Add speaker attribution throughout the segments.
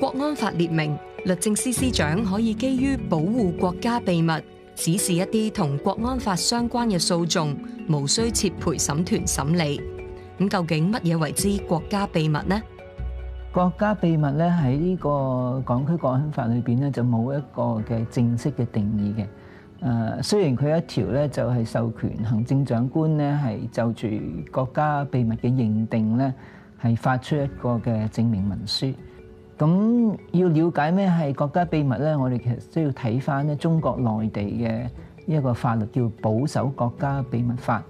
Speaker 1: 國安法列明，律政司司長可以基於保護國家秘密，指示一啲同國安法相關嘅訴訟，無需設陪審團審理。咁究竟乜嘢為之國家秘密呢？國家秘密咧喺呢個港區國安法裏邊咧就冇一個嘅正式嘅定義嘅。誒，雖然佢一條咧就係授權行政長官咧係就住國家秘密嘅認定咧係發出一個嘅證明文書。咁要了解咩係國家秘密呢，我哋其實都要睇翻咧中國內地嘅一個法律叫《保守國家秘密法》。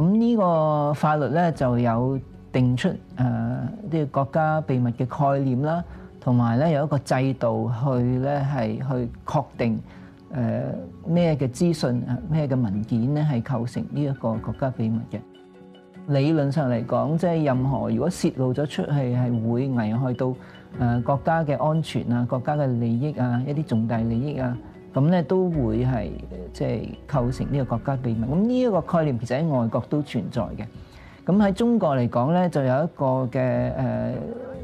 Speaker 1: 咁呢個法律呢，就有定出誒呢個、呃這個國家秘密嘅概念啦，同埋呢有一個制度去呢，係去確定誒咩嘅資訊、咩嘅文件呢，係構成呢一個國家秘密嘅。理論上嚟講，即係任何如果泄露咗出去，係會危害到。誒國家嘅安全啊，國家嘅利益啊，一啲重大利益啊，咁咧都會係即係構成呢個國家秘密。咁呢一個概念其實喺外國都存在嘅。咁喺中國嚟講咧，就有一個嘅誒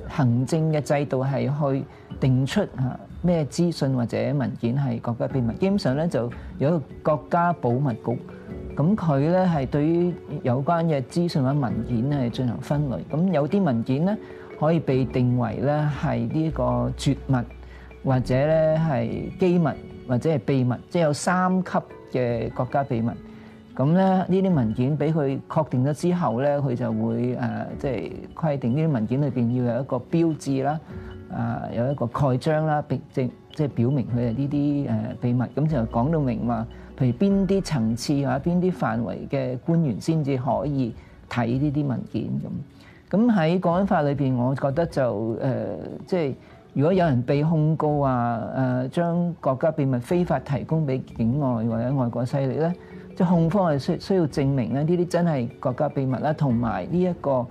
Speaker 1: 行政嘅制度係去定出嚇咩資訊或者文件係國家秘密。基本上咧，就有一個國家保密局，咁佢咧係對於有關嘅資訊或者文件咧進行分類。咁有啲文件咧，可以被定為咧係呢個絕密，或者咧係機密，或者係秘密，即係有三級嘅國家秘密。咁咧呢啲文件俾佢確定咗之後咧，佢就會誒即係規定呢啲文件裏邊要有一個標誌啦，啊有一個蓋章啦，並即即係表明佢係呢啲誒秘密。咁就講到明話，譬如邊啲層次或者，邊啲範圍嘅官員先至可以睇呢啲文件咁。咁喺《國安法》裏邊，我覺得就誒、呃，即係如果有人被控告話誒、呃，將國家秘密非法提供俾境外或者外國勢力咧，即係控方係需需要證明咧呢啲真係國家秘密啦，同埋呢一個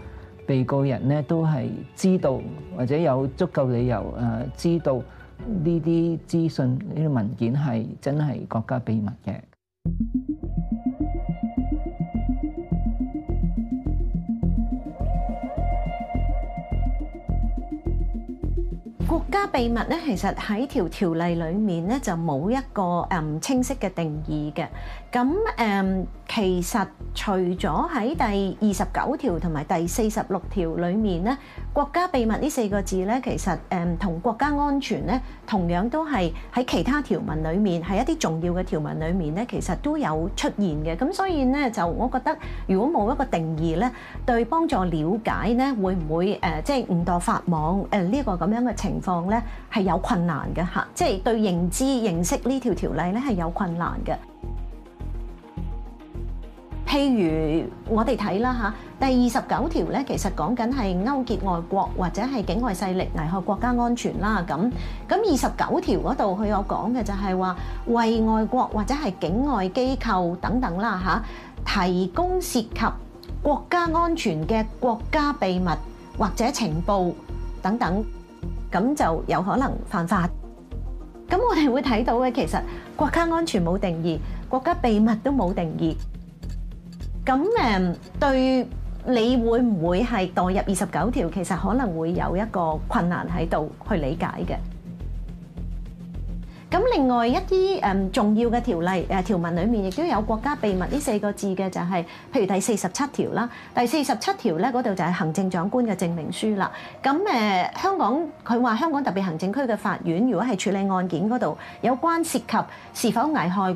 Speaker 1: 被告人咧都係知道或者有足夠理由誒、呃、知道呢啲資訊呢啲文件係真係國家秘密嘅。
Speaker 2: 國家秘密咧，其實喺條條例裏面咧就冇一個誒清晰嘅定義嘅。咁誒，其實除咗喺第二十九條同埋第四十六條裏面咧。國家秘密呢四個字呢，其實誒同、嗯、國家安全呢同樣都係喺其他條文裏面，喺一啲重要嘅條文裏面呢，其實都有出現嘅。咁所以呢，就我覺得，如果冇一個定義呢，對幫助了解呢，會唔會誒即係誤墮法網誒呢、呃這個咁樣嘅情況呢，係有困難嘅嚇，即、啊、係、即係、對認知認識呢條條例呢，係有困難嘅。譬如我哋睇啦吓，第二十九條咧，其實講緊係勾結外國或者係境外勢力危害國家安全啦。咁咁二十九條嗰度佢有講嘅就係話，為外國或者係境外機構等等啦吓，提供涉及國家安全嘅國家秘密或者情報等等，咁就有可能犯法。咁我哋會睇到嘅其實國家安全冇定義，國家秘密都冇定義。咁誒對你會唔會係代入二十九條？其實可能會有一個困難喺度去理解嘅。咁另外一啲誒重要嘅條例誒條文裏面亦都有國家秘密呢四個字嘅，就係譬如第四十七條啦。第四十七條咧，嗰度就係行政長官嘅證明書啦。咁誒香港佢話，香港特別行政區嘅法院如果係處理案件嗰度，有關涉及是否危害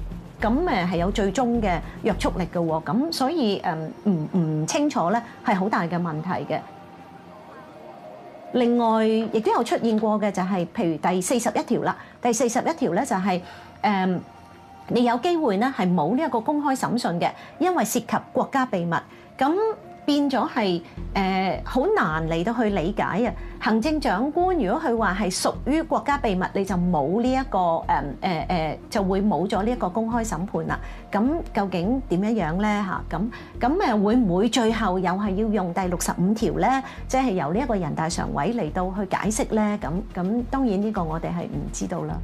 Speaker 2: 咁誒係有最終嘅約束力嘅喎，咁所以誒唔唔清楚咧係好大嘅問題嘅。另外亦都有出現過嘅就係譬如第四十一條啦，第四十一條咧就係誒你有機會咧係冇呢一個公開審訊嘅，因為涉及國家秘密咁。變咗係誒好難嚟到去理解啊！行政長官如果佢話係屬於國家秘密，你就冇呢一個誒誒誒，就會冇咗呢一個公開審判啦。咁究竟點樣樣咧？嚇咁咁誒會唔會最後又係要用第六十五條咧？即係由呢一個人大常委嚟到去解釋咧？咁咁當然呢個我哋係唔知道啦。